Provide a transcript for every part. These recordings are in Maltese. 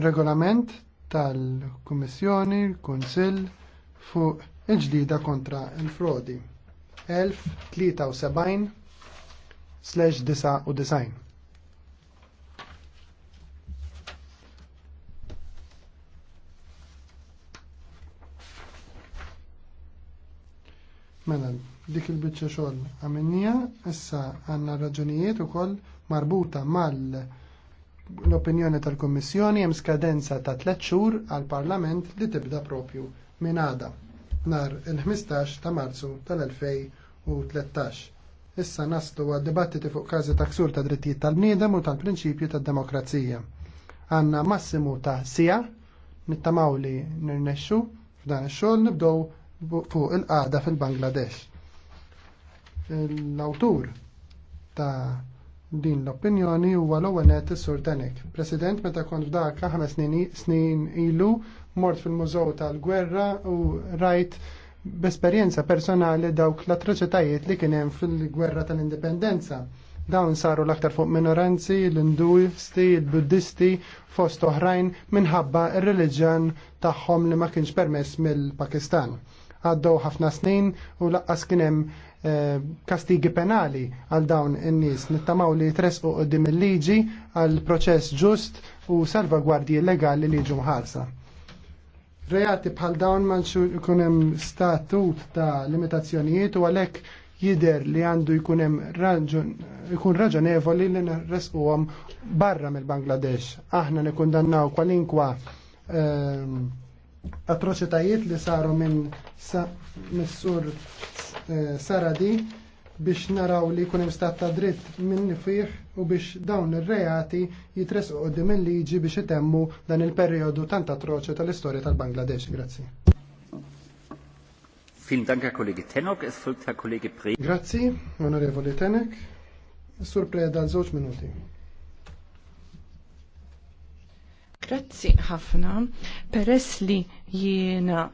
regolament tal-Kummissjoni, l-Kunsill fuq il-ġdida kontra il-frodi. 1073-99. Mela, dik il-bicċa xogħol għamennija, issa għandna raġunijiet ukoll marbuta mal- l-opinjoni tal-Kommissjoni hemm skadenza ta' tliet xhur għal Parlament li tibda propju minn għada nhar il-15 ta' Marzu tal-2013. Issa naslu għad dibattiti fuq każi ta' ksur ta' drittijiet tal-bniedem u tal-prinċipju tad-demokrazija. Għanna massimu ta' sija nittamaw li nirnexxu f'dan ix-xogħol nibdew fuq il-qagħda fil-Bangladesh. L-awtur ta' din l-opinjoni huwa l-ewwel is-Sur Tanek. President meta kont f'dak ħames snin ilu mort fil-Mużew tal-Gwerra u rajt b'esperjenza personali dawk l-atroċitajiet li kien hemm fil-Gwerra tal-Indipendenza. Dawn saru l-aktar fuq minoranzi, l-Induisti, l-Buddisti, fost oħrajn minħabba r-reliġjan tagħhom li ma kienx permess mill-Pakistan. Għaddew ħafna snin u laqqas kien hemm Eh, kastigi penali għal dawn in-nies. Nittamaw li tresqu qudiem il-liġi għal proċess ġust u salvagwardji legali li jiġu mħarsa. Reati bħal dawn ma jkun hemm statut ta' limitazzjonijiet u għalhekk jider li għandu jkun ikun raġonevoli li nresquhom barra mill-Bangladesh. Aħna nikkundannaw kwalinkwa ehm, atroċitajiet li saru minn sur Eh, saradi biex naraw li jkun hemm stat ta' dritt minn fih u biex dawn ir-reati jitresqu qudiem il-liġi biex itemmu dan il-perjodu tant atroċu tal-istorja tal-Bangladesh. Grazzi. Vielen Dank, Herr Kollege Tenok. Es folgt Herr Kollege Pre. Grazie, onorevole Tenok. Sur Preda, żewġ minuti. Grazzi ħafna. Peress li jiena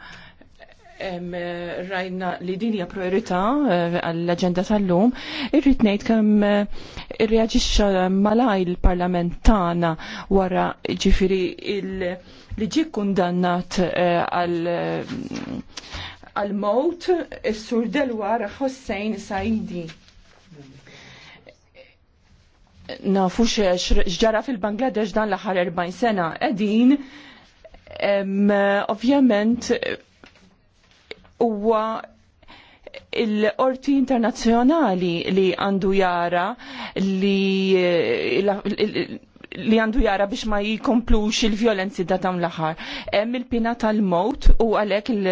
rajna li din hija priorità eh, għall-aġenda tal-lum, irrid ngħid kemm eh, irreaġixxa malaj il-Parlament tagħna wara ġifieri li ġie kundannat eh, għal-mowt is-sur Delwar Hossein Saidi nafu xġara fil-Bangladesh dan l-aħħar 40 sena. qegħdin, ovvjament, huwa il-qorti internazzjonali li għandu jara li li għandu jara biex ma jikomplux il-violenzi da tam l-aħħar. Hemm il-pina tal-mowt u għalhekk il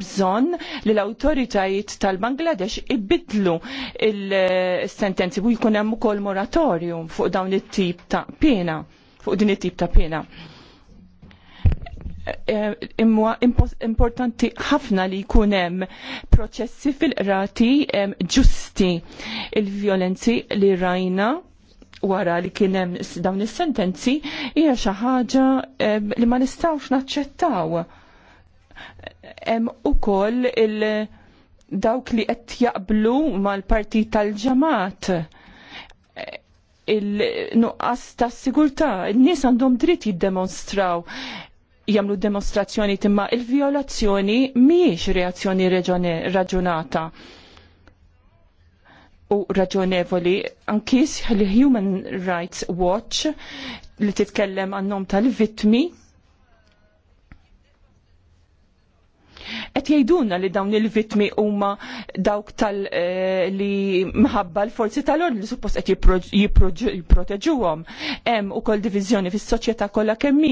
bżonn li l-awtoritajiet tal-Bangladesh ibidlu il-sentenzi u jkun hemm ukoll moratorium fuq dawn it-tip ta' pena, fuq din it-tip ta' pena. Eh, imma importanti ħafna li jkun hemm proċessi fil-qrati ġusti il-vjolenzi li rajna wara li kien hemm dawn is-sentenzi hija xi ħaġa li ma nistgħux naċċettaw. Hemm ukoll il dawk li qed jaqblu mal-partit tal-ġamat il-nuqqas ta' sigurtà, n-nies għandhom dritt jiddemonstraw jamlu demonstrazzjoni timma il-violazzjoni miex reazzjoni raġunata u raġonevoli ankis l Human Rights Watch li titkellem għannom tal-vitmi Et jajduna li dawn il-vitmi huma dawk tal eh, li mħabba l-forzi tal-ord li suppost qed jipproteġuhom. Hemm ukoll diviżjoni fis-soċjetà kollha kemm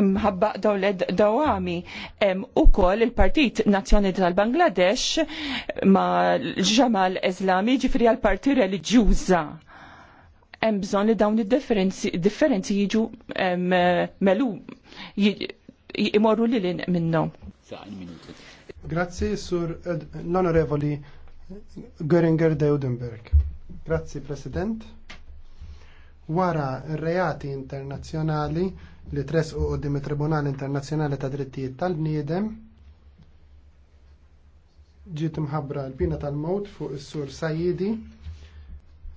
Mħabba daw dawami u koll il-Partit Nazjoni tal-Bangladesh ma l-ġamal Eżlami ġifri għal-parti religjuza. Hemm bżonn li dawn id-differenzi jiġu melu imorru li lin minnhom. Grazzi sur eh, l-onorevoli Göringer Deudenberg. Grazzi President. Wara r-reati internazzjonali li tresqu quddiem it-Tribunal Internazzjonali ta' Drittijiet tal-Bniedem ġiet imħabbra l bina tal-mewt fuq is-sur Sajidi.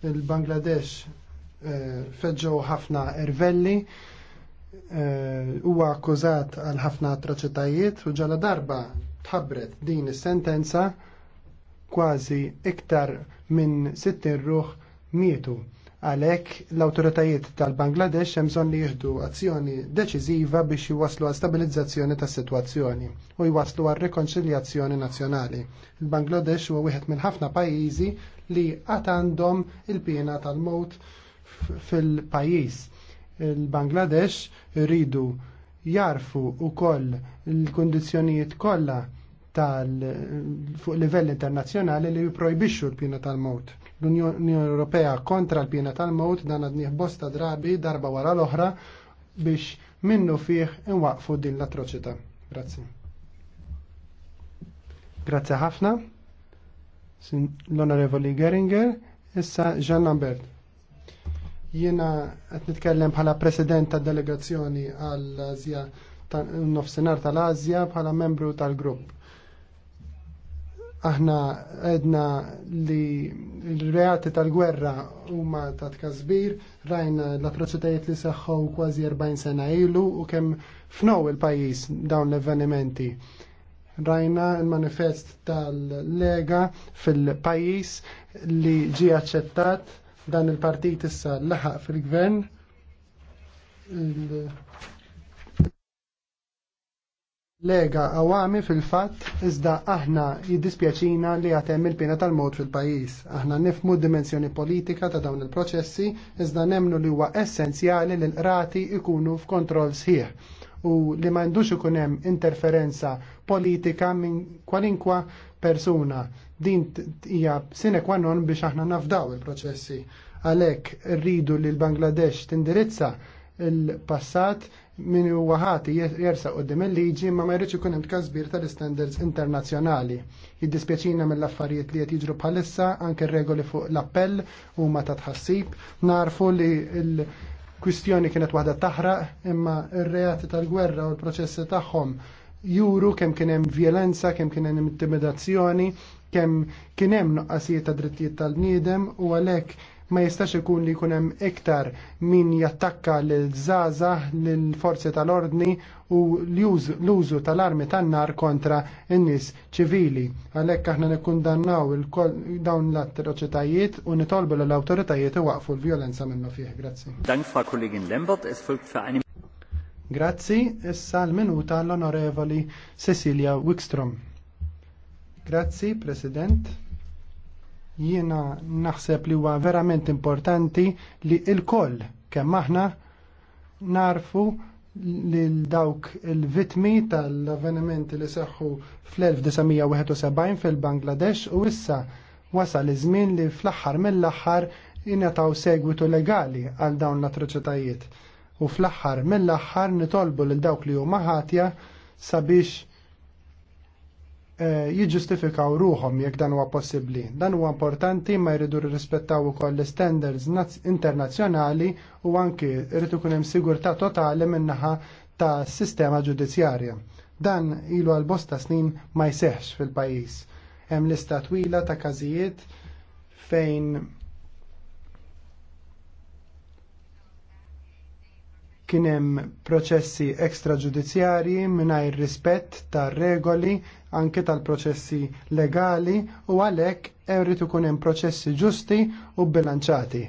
Il-Bangladesh eh, feġġew ħafna ervelli eh, huwa akkużat għal ħafna atroċitajiet u ġala darba tħabbret din is-sentenza kważi iktar minn 60 ruħ mietu Għalhekk l-awtoritajiet tal-Bangladesh hemm bżonn li jieħdu azzjoni deċiżiva biex jwaslu għal stabilizzazzjoni tas-sitwazzjoni u jwaslu għal rekonċiljazzjoni nazzjonali. Il-Bangladesh huwa wieħed minn ħafna pajjiżi li qatt għandhom il-pjena tal mod fil-pajjiż. Il-Bangladesh rridu jarfu wkoll il-kundizzjonijiet kollha tal fuq livell internazzjonali li jipprojbixxu l-pjena tal mod L-Unjoni Ewropea kontra l-pjena tal-mowt dan għadniħ bosta drabi darba wara l-oħra biex minnu fih inwaqfu din l-atroċità. Grazzi. Grazzi ħafna. L-Onorevoli Geringer, issa Jean Lambert. Jiena qed nitkellem bħala president tad delegazzjoni għall-Azja nofsinhar tal-Azja bħala membru tal-grupp aħna edna li l-reati tal-gwerra huma ta' tkazbir, rajna l-atroċitajiet li seħħu kważi 40 sena ilu u kemm fnow il-pajis dawn l-avvenimenti. Rajna il-manifest tal-lega fil-pajis li ġi aċċettat dan il-partit issa laħaq fil-gvern Lega għawami fil-fat iżda aħna jiddispjaċina li għatem il-pina tal-mod fil-pajis. Aħna nifmu dimensjoni politika ta' dawn il-proċessi iżda nemnu li huwa essenzjali li l-qrati ikunu f'kontroll sħiħ u li ma jindux ikun hemm interferenza politika minn kwalinkwa persuna. Din hija sine qua non biex aħna nafdaw il-proċessi. Għalhekk rridu li l-Bangladesh tindirizza il-passat min huwa ħati jersa qudiem il-liġi ma ma jridx ikun hemm każbir tal-istandards internazzjonali. Jiddispjaċina mill-affarijiet li qed jiġru bħalissa anke regoli fuq l-appell huma ta' tħassib. Narfu li l-kwistjoni kienet waħda taħra imma r-reati tal-gwerra u l-proċessi tagħhom juru kemm kien hemm violenza, kemm kien hemm intimidazzjoni, kemm kien hemm noqqasijiet ta' drittijiet tal-bniedem u għalhekk ma jistax ikun li jkun hemm iktar min jattakka lil żgħażagħ lil forzi tal-ordni u l-użu tal-armi tan-nar kontra n-nies ċivili. Għalhekk aħna nikkundannaw dawn l-atroċitajiet u nitolbu l-awtoritajiet iwaqfu l-vjolenza minnu fih. Grazzi. Dank fra kollegin Lembert. es folgt eine Grazzi, issa l-minuta l-onorevoli Cecilia Wikstrom. Grazzi, President jiena naħseb li huwa verament importanti li il-koll kemm aħna narfu lil dawk il-vitmi tal-avvenimenti li seħħu fl-1971 fil-Bangladesh u issa wasal iż-żmien li fl-aħħar mill-aħħar jingħataw segwitu legali għal dawn l-atroċitajiet. U fl-aħħar mill-aħħar nitolbu lil dawk li huma ħatja sabiex Eh, jiġġustifikaw ruhom jekk dan huwa possibbli. Dan huwa importanti ma jridu rispettaw ukoll l-standards internazzjonali u anki jrid ikun hemm sigurtà totali min-naħa ta' sistema ġudizzjarja. Dan ilu għal bosta snin ma jseħx fil-pajis. Hemm lista twila ta' każijiet fejn Kien hemm proċessi ekstraġudizzjarji mingħajr rispett tar regoli anke tal-proċessi legali u għalhekk irrid ikun hemm proċessi ġusti u bilanċati.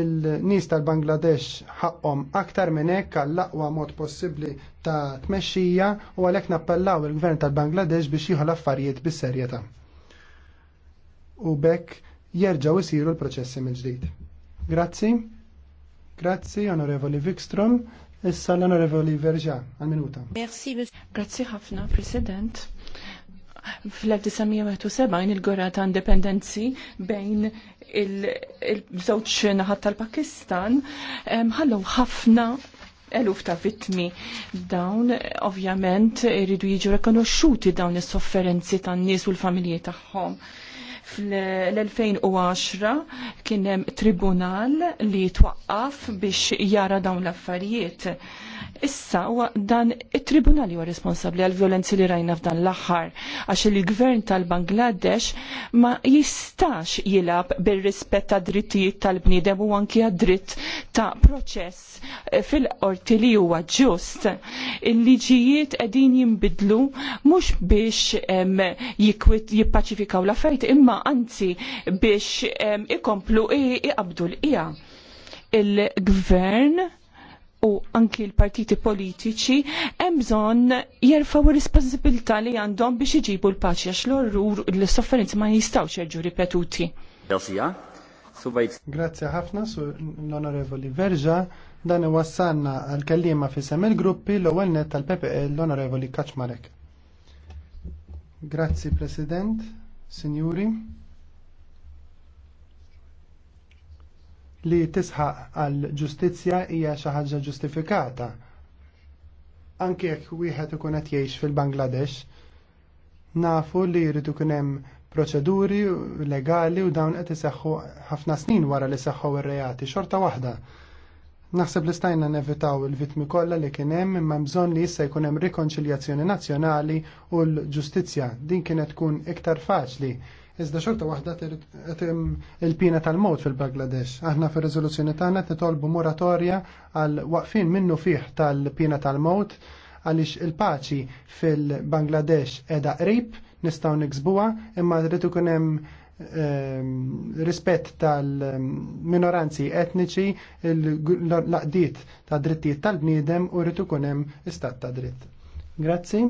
Il-nies tal-Bangladesh ħaqhom aktar minn hekk għall-aqwa mod possibbli ta' tmexxija u għalhekk nappellaw il-Gvern tal-Bangladesh biex jieħu l-affarijiet bis-serjetà. U bekk jerġgħu isiru l-proċessi mill-ġdid. Grazzi. Grazzi, Onorevoli Wikström. Issa l-Onorevoli Verġa, għal-minuta. Merci, Grazzi ħafna, President. Fl-1971 il-gwerra ta' indipendenzi bejn il-żewġ naħat tal-Pakistan ħallu ħafna eluf ta' vittmi dawn ovvjament iridu jiġu rekonoxxuti dawn is-sofferenzi tan-nies u l-familji tagħhom fl-2010 kien hemm tribunal li twaqqaf biex jara dawn l-affarijiet Issa huwa dan it-tribunali huwa responsabbli għal violenzi li rajna f'dan l-aħħar għax il-gvern tal-Bangladesh ma jistax jilab bir-rispett ta' drittijiet tal-bniedem u anki għad-dritt ta' proċess eh, fil-qorti li huwa ġust. Il-liġijiet qegħdin jinbidlu mhux biex jippaċifikaw l fejt imma anzi biex ikomplu iqabdu l Il-gvern Il-gvern u anki l-partiti politiċi hemm bżonn jerfaw ir-responsabilità li għandhom biex iġibu l-paċi għax l-orrur l-sofferenzi ma jistgħux jerġu ripetuti. Grazzi ħafna l-Onorevoli Verġa dan wassanna għal kellima fi sem il-gruppi l-ewwel net tal-PPE l-Onorevoli Kaczmarek. Grazzi President, Signori. li tisħaq għal ġustizzja hija xi ħaġa ġustifikata. Anke jekk wieħed ikun qed jgħix fil-Bangladesh, nafu li jrid ikun hemm proċeduri legali u dawn qed iseħħu ħafna snin wara li seħħu ir-reati xorta waħda. Naħseb li stajna nevitaw il-vitmi kollha li kien hemm imma bżonn li issa jkun hemm rikonċiljazzjoni nazzjonali u l-ġustizzja. Din kienet tkun iktar faċli Iżda xorta waħda il-pina tal-mod fil-Bangladesh. Aħna fir riżoluzzjoni tagħna titolbu moratorja għal waqfin minnu fih tal-pina tal-mod għaliex il-paċi fil-Bangladesh edha qrib nistgħu niksbuha imma rrid ikun hemm ehm, rispett tal-minoranzi etniċi, l-laqdiet ta' drittijiet tal-bniedem u rritu kunem istat ta' dritt. Grazzi.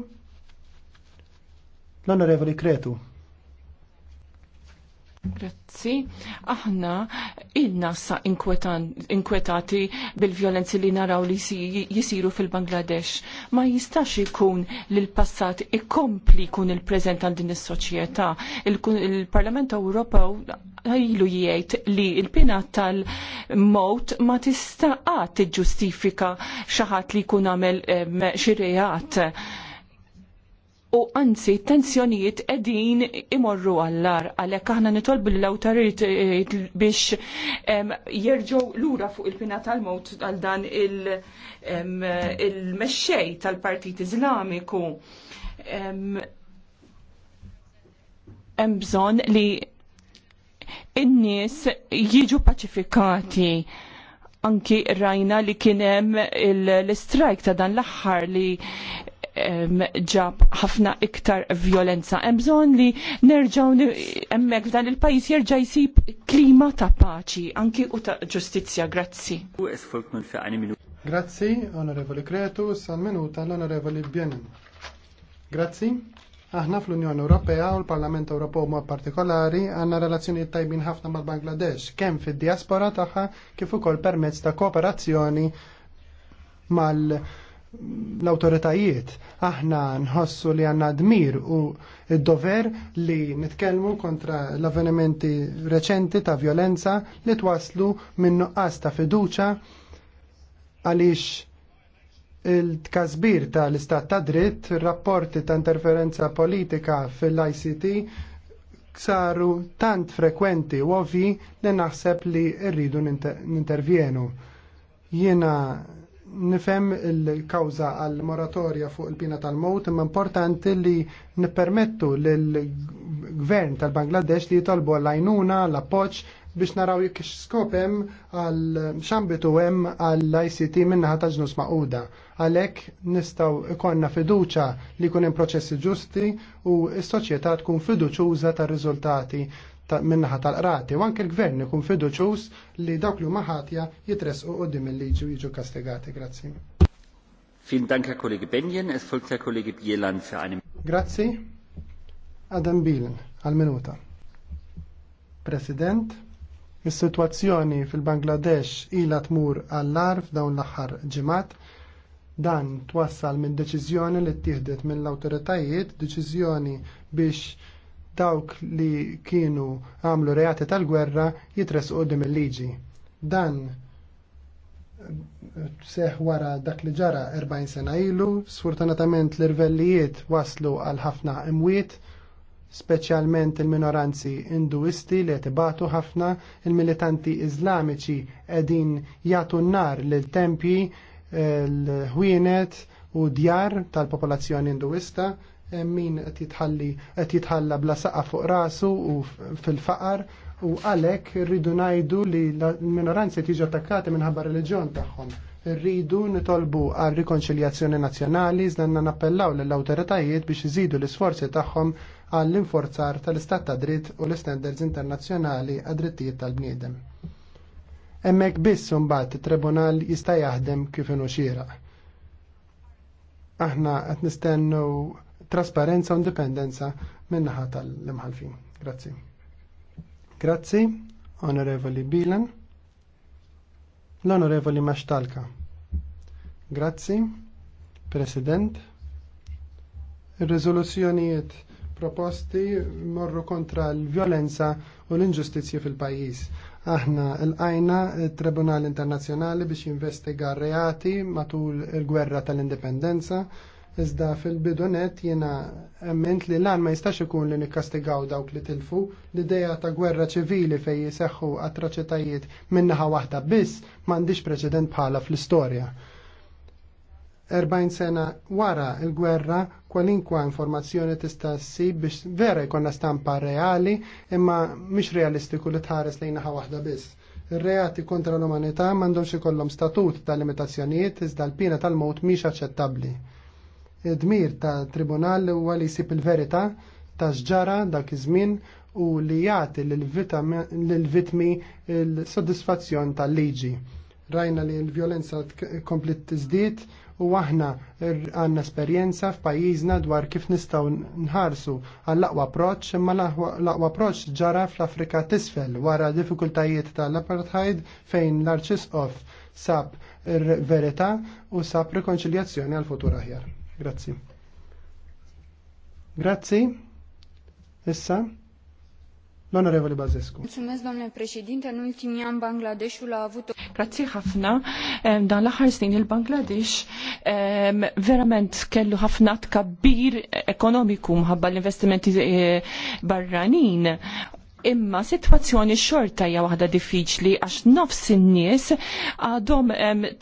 L-Onorevoli Kretu. Grazzi. Aħna ilna sa inkwetati bil-violenzi li naraw li jisiru fil-Bangladesh. Ma jistax ikun li l-passat ikompli kun il-prezent għal din is-soċjetà. Il-Parlament Ewropew ilu jgħid li l-pina tal-mot ma tista' tiġġustifika xi ħadd li jkun għamel eh, xi reat u anzi tensjonijiet edin imorru għallar għalek aħna nitolbu l lawtarit eh, biex jerġgħu lura fuq il-pina tal-mot għal dan il-mexxej tal-Partit izlamiku Hemm bżonn li in-nies jiġu paċifikati anki rajna li kienem l-strajk ta' dan l aħħar li ġab ħafna iktar violenza. Mżon li nerġaw emmek f'dan il-pajjiż jerġa' jsib klima ta' paċi anki u ta' ġustizzja. Grazzi. Grazzi, Onorevoli Kretu, san minuta l-Onorevoli Bjenin. Grazzi. Aħna fl-Unjoni Ewropea u l-Parlament Ewropew mod partikolari għandna relazzjonijiet tajbin ħafna mal-Bangladesh, kemm fid-diaspora tagħha kif ukoll permezz ta' kooperazzjoni mal- l-autoritajiet. Aħna nħossu li għanna dmir u id-dover li nitkelmu kontra l-avvenimenti reċenti ta' violenza li twaslu minnu nuqqas ta' fiduċa għaliex il-tkazbir ta' l-istat ta' dritt, rapporti ta' interferenza politika fil-ICT saru tant frekwenti u ovvi li naħseb li rridu nintervjenu. Jena nifem il-kawza għal moratorja fuq il-pina tal-mowt imma importanti li nippermettu l-gvern tal-Bangladesh li jitolbu għall-għajnuna, l-appoċ biex naraw jekk skopem għal xambitu hemm għall ICT minna ta' ġnus maquda. Għalhekk nistgħu ikonna fiduċa li jkun hemm proċessi ġusti u s soċieta tkun fiduċuża tar-riżultati minnaħa tal-qrati u anke l-gvern ikun fiduċus li dawk li huma ħatja jitresqu qudiem il-liġi jiġu kastigati. Grazzi. Vielen Dank, Herr Kollege Benjen. Es folgt Herr Kollege Bielan für Grazzi. Adam Bielan, għal minuta. President, is-sitwazzjoni fil-Bangladesh ilha tmur għall arf f'dawn l-aħħar ġimgħat dan twassal minn deċiżjoni li ttieħdet mill-awtoritajiet, deċiżjoni biex dawk li kienu għamlu reati tal-gwerra jitres qoddim il-liġi. Dan eh, seħ wara dak li ġara 40 sena ilu, sfortunatament l-irvellijiet waslu għal ħafna imwiet, speċjalment il-minoranzi induisti li jtibatu ħafna, il-militanti iżlamiċi edin jatu nar l-tempji, eh, l-ħwienet u djar tal-popolazzjoni induista, min qed jitħalla bla saqa fuq rasu u fil-faqar u għalhekk rridu ngħidu li l-minoranzi tiġi attakkati minħabba reliġjon tagħhom. Rridu nitolbu għal rikonċiljazzjoni nazzjonali żdanna nappellaw lill-awtoritajiet biex iżidu l-isforzi tagħhom għall inforzar tal-istat ta' dritt u l-standards internazzjonali għad-drittijiet tal-bniedem. Emmek biss mbagħad it-tribunal jista' jaħdem kif inhu xieraq. Aħna qed nistennu trasparenza u indipendenza minnaħa tal-imħalfin. Grazzi. Grazzi, Onorevoli Bilan, l-Onorevoli Maċtalka. Grazzi, President. il rezoluzjonijiet proposti morru kontra l-violenza u l-inġustizji fil-pajis. Aħna l ajna il-Tribunal Internazjonali biex jinvestiga reati matul il-gwerra tal-indipendenza Iżda fil-bidunet jiena emment li lan ma jistax ikun li nikkastigaw dawk li tilfu l-ideja ta' gwerra ċivili fej jiseħħu atroċitajiet minnaħa waħda biss m'għandix preċedent bħala fl-istorja. 40 sena wara il-gwerra kwalinkwa informazzjoni tista' ssib biex vera jkollna stampa reali imma mhix realistiku li tħares lejn naħa waħda biss. Ir-reati kontra l-umanità m'għandhomx ikollhom statut ta' limitazzjonijiet iżda l-pina tal mod mhix aċċettabbli dmir ta' tribunal huwa li jsib il-verità ta' xġara dak iż-żmien u li jagħti lill-vittmi l-sodisfazzjon tal-liġi. Rajna li l-vjolenza komplet tiżdied u aħna għanna esperjenza f'pajjiżna dwar kif nistgħu nħarsu għall-aqwa approċċ imma l-aqwa approċċ ġara fl-Afrika t'isfel wara diffikultajiet tal-apartheid fejn l-arċisqof sab ir-verità u sab rekonċiljazzjoni għal futur aħjar. Grazie. Grazie. Essa. L'onorevole Bazescu. Mulțumesc, domnule președinte. În ultimii ani, Bangladeshul a avut... Grazie Hafna. Dan l-aħħar snin il-Bangladesh verament kellu ħafna kabir e- ekonomiku mħabba l-investimenti e, barranin Imma sitwazzjoni xorta hija waħda diffiċli għax nofs in-nies għadhom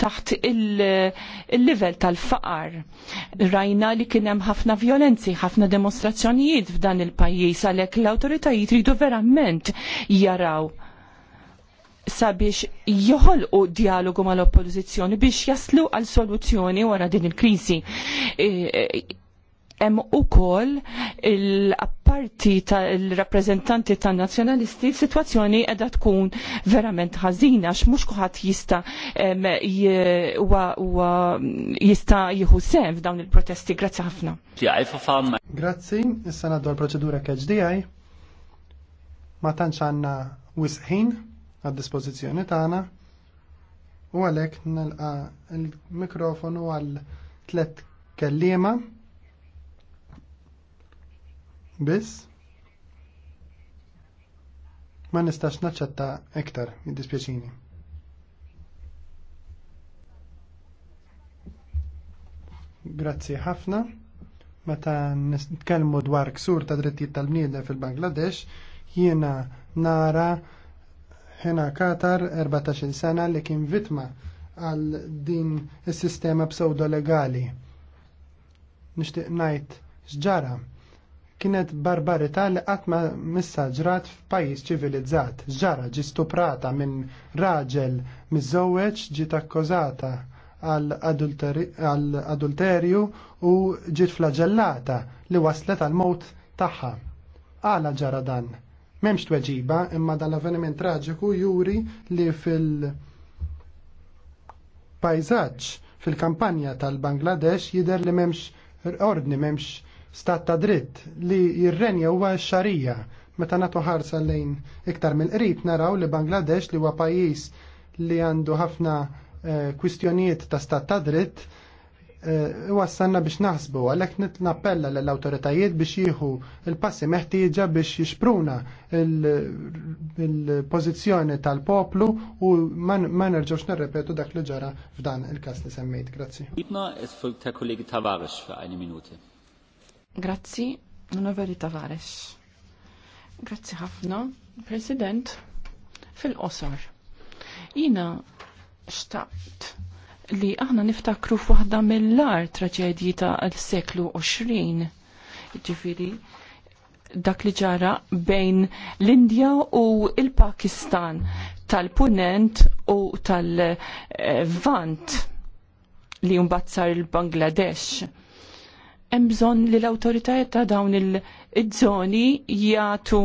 taħt il-livell tal-faqar. Rajna li kien hemm ħafna violenzi, ħafna demonstrazzjonijiet f'dan il-pajjiż għalhekk l-awtoritajiet ridu verament jaraw sabiex joħolqu dialogu mal-oppożizzjoni biex jaslu għal soluzzjoni wara din il-kriżi. E, e, hemm ukoll il-apparti tal-rappreżentanti tan-nazzjonalisti situazzjoni qiegħda tkun verament ħażina għax mhux kulħadd jista' jista' jieħu sem f'dawn il-protesti. Grazzi ħafna. Grazzi, issa ngħaddu għall-proċedura KHDI. Ma tantx għandna wisħin għad-dispożizzjoni tagħna u għalhekk nelqa il-mikrofonu għal tliet kelliema. Biss? Ma nistax naċċetta iktar, dispieċini Grazzi ħafna. Meta nitkellmu dwar ksur ta' drittijiet tal-bniedem fil-Bangladesh, jiena nara ħena Katar 14 sena li kien vittma għal din is-sistema pseudo legali. Nixtieq ngħid x'ġara kienet barbarità li qatt ma missa ġrat f'pajjiż ċivilizzat. Ġara ġi stuprata minn raġel miżewweġ ġiet akkużata għal adulterju u ġiet flagellata li waslet għal mowt tagħha. Għala ġara dan. M'hemmx tweġiba imma dan l-avveniment traġiku juri li fil- pajzaġġ fil-kampanja tal-Bangladesh jidher li m'hemmx ordni, m'hemmx stat ta' dritt li jirrenja huwa xarija meta nagħtu ħarsa lejn iktar mill-qrib naraw li Bangladesh li huwa pajjiż li għandu ħafna eh, kwistjonijiet ta' stat ta' dritt eh, wassanna biex naħsbu għalhekk nitnappella lill awtoritajiet biex jieħu il-passi meħtieġa biex jixpruna il-pożizzjoni tal-poplu u ma nerġgħux nirrepetu dak li ġara f'dan il-każ li semmejt. Grazzi. Tavares für eine Grazzi, onorevoli Tavares. Grazzi ħafna, President, fil-qosor. Jina xtaqt li aħna niftakru f'waħda mill-ar traġedji ta' l-seklu 20. Ġifiri, dak li ġara bejn l-Indja u l pakistan tal-Punent u tal-Vant li jumbat sar il-Bangladesh hemm bżonn li l-awtoritajiet ta' dawn il-żoni jagħtu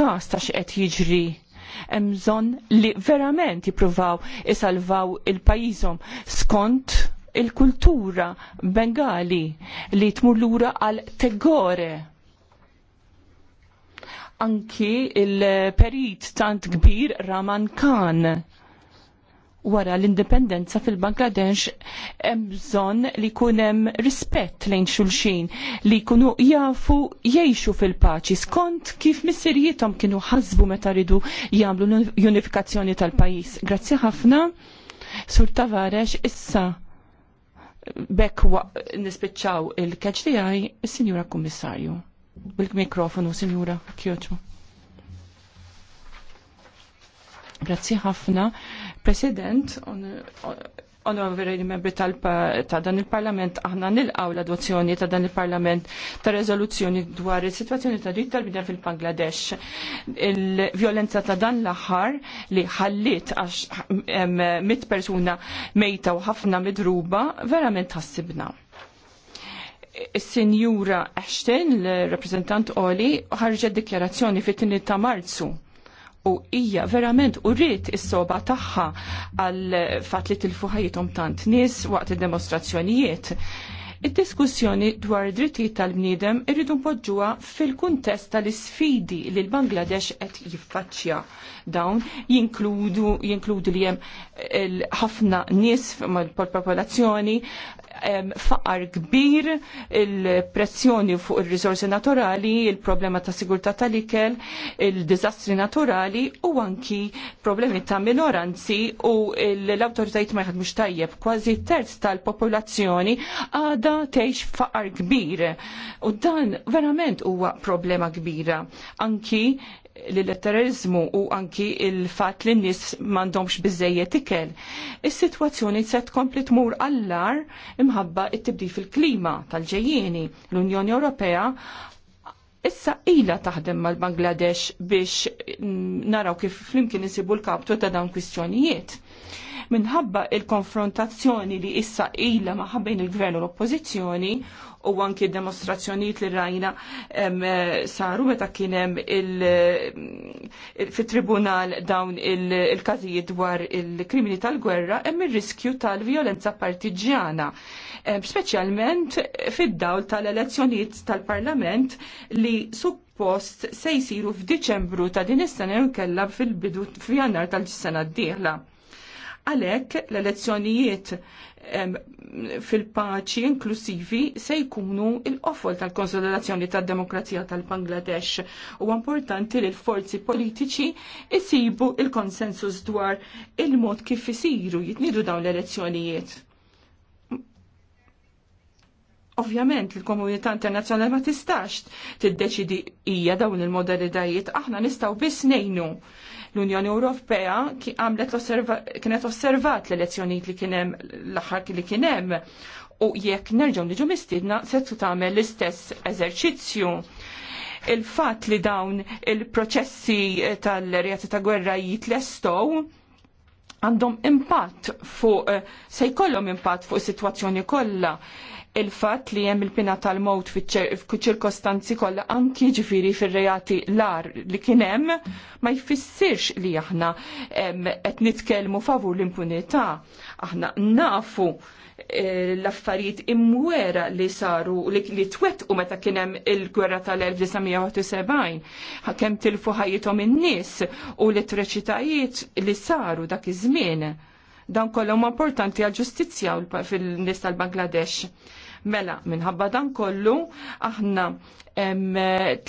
każ ta' x'qed jiġri hemm bżonn li verament jippruvaw isalvaw il-pajjiżhom skont il-kultura bengali li tmur lura għal tegore. Anki il-perit tant kbir Raman Khan wara l-indipendenza fil-Bangladesh hemm bżonn li jkun hemm rispett lejn xulxin li jkunu jafu jgħixu fil-paċi skont kif missirjietom kienu ħasbu meta ridu jagħmlu l-unifikazzjoni tal-pajjiż. Grazzi ħafna. Sur Tavares issa bekk nispiċċaw il-keċ tiegħi is-Sinjura Kummissarju. Bil-mikrofonu, Sinjura Kjoċu. Grazzi ħafna. President, onorevoli membri ta' dan il-Parlament, aħna nilqaw l-adozzjoni ta' dan il-Parlament ta' rezoluzzjoni dwar il-situazzjoni ta' dritt tal-bidja fil-Bangladesh. Il-violenza ta' dan l-aħħar li ħallit għax mit persuna mejta u ħafna midruba verament ħassibna. Is-Sinjura Ashton, l-reprezentant Oli, ħarġet dikjarazzjoni fit-tini ta' Marzu u hija verament u rrit is-soba tagħha għal fatt li tilfu tant nies waqt id-demostrazzjonijiet. Id-diskussjoni dwar drittijiet tal-bniedem irridu npoġġuha fil-kuntest tal-isfidi li l-Bangladesh qed jiffaċċja. Dawn jinkludu jinkludu li hemm ħafna nies mal-popolazzjoni, faqar kbir, il-pressjoni fuq il-rizorsi naturali, il-problema ta' sigurtà tal-ikel, il-dizastri naturali u anki problemi ta' minoranzi u l-autoritajt ma jħadmux tajjeb. Kważi terz tal-popolazzjoni għada teħx faqar kbir. U dan verament huwa problema kbira. Anki l-terrorizmu u anki il-fat li n-nis mandomx bizzejiet ikel. Is-sitwazzjoni se tkompli tmur allar imħabba it-tibdi fil-klima tal-ġejjieni. L-Unjoni Ewropea issa ila taħdem mal-Bangladesh biex naraw kif flimkien insibu l-kaptu ta' dawn kwistjonijiet minħabba il-konfrontazzjoni li issa ilha maħabbejn il-gvern u l-oppożizzjoni u anki demostrazzjonijiet li rajna saru meta kien hemm fit-tribunal dawn il-każijiet dwar il-krimini tal-gwerra hemm ir-riskju tal-vjolenza partiġjana speċjalment fid-dawl tal-elezzjonijiet tal-Parlament li suppost se jsiru f'Diċembru ta' din is-sena nkella fil-bidu f'Jannar tal-sena d-dieħla. Għalhekk l-elezzjonijiet fil-paċi inklusivi se jkunu il-qofol tal-konsolidazzjoni tad-demokrazija tal-Bangladesh u importanti li l-forzi politiċi isibu il-konsensus dwar il-mod kif isiru jitnidu dawn l-elezzjonijiet. Ovvjament il-komunità internazzjonali ma tistax tiddeċidi hija dawn il-modalitajiet aħna nistgħu biss ngħinu L-Unjoni Ewropea għamlet kienet osservat l-elezzjonijiet li kienem l-aħħar li kienem u jekk nerġgħu niġu mistiedna se tagħmel l-istess eżerċizzju il fatt li dawn il-proċessi eh, tal-rjati ta' gwerra jitlestow għandhom impatt fuq, eh, se jkollhom impatt fuq is-sitwazzjoni kollha il-fat li jem il-pina tal fiċ-ċirkostanzi kollha anki ġifiri fil-rejati lar li kienem ma jfissirx li aħna qed nitkellmu favur l-impunità. Aħna nafu eh, l-affarijiet imwera li saru li, li twettqu meta kien hemm il-gwerra tal-1970 ħakemm tilfu ħajjithom in-nies u l itreċitajiet li saru dak iż-żmien dan kollha huma importanti għal ġustizzja fil-nies tal-Bangladesh Mela, minħabba dan kollu, aħna em,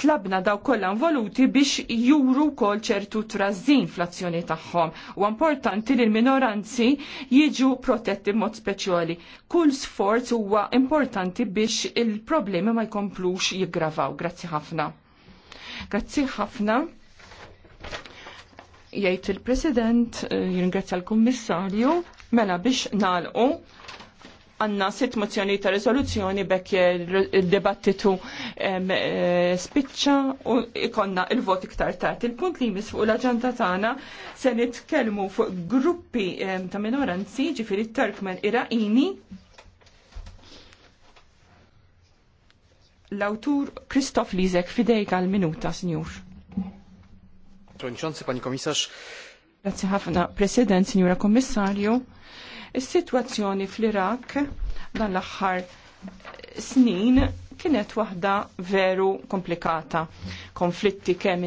tlabna daw kollha involuti biex juru kol ċertu trażin fl-azzjoni tagħhom. U importanti li l-minoranzi jiġu protetti mod speċjali. Kull sforz huwa importanti biex il-problemi ma jkomplux jiggravaw. Grazzi ħafna. Grazzi ħafna. Jgħid il-President, eh, jingrazzja l-Kummissarju, mela biex nalqu għanna sitt mozzjoni ta' rezoluzzjoni bekk il-debattitu eh, spiċċa u ikonna il-vot iktar tard. Il-punt li jmiss fuq l-aġenda tagħna se nitkellmu fuq gruppi ta' minoranzi ġifieri Turkmen Iraqini l-awtur Kristof Lizek fidejk għal minuta, sinjur. Przewodniczący, pani komisarz. Grazie ħafna, President, Signora Kommissarju Is-sitwazzjoni fl-Irak dan l-aħħar snin kienet waħda veru komplikata. Konflitti kemm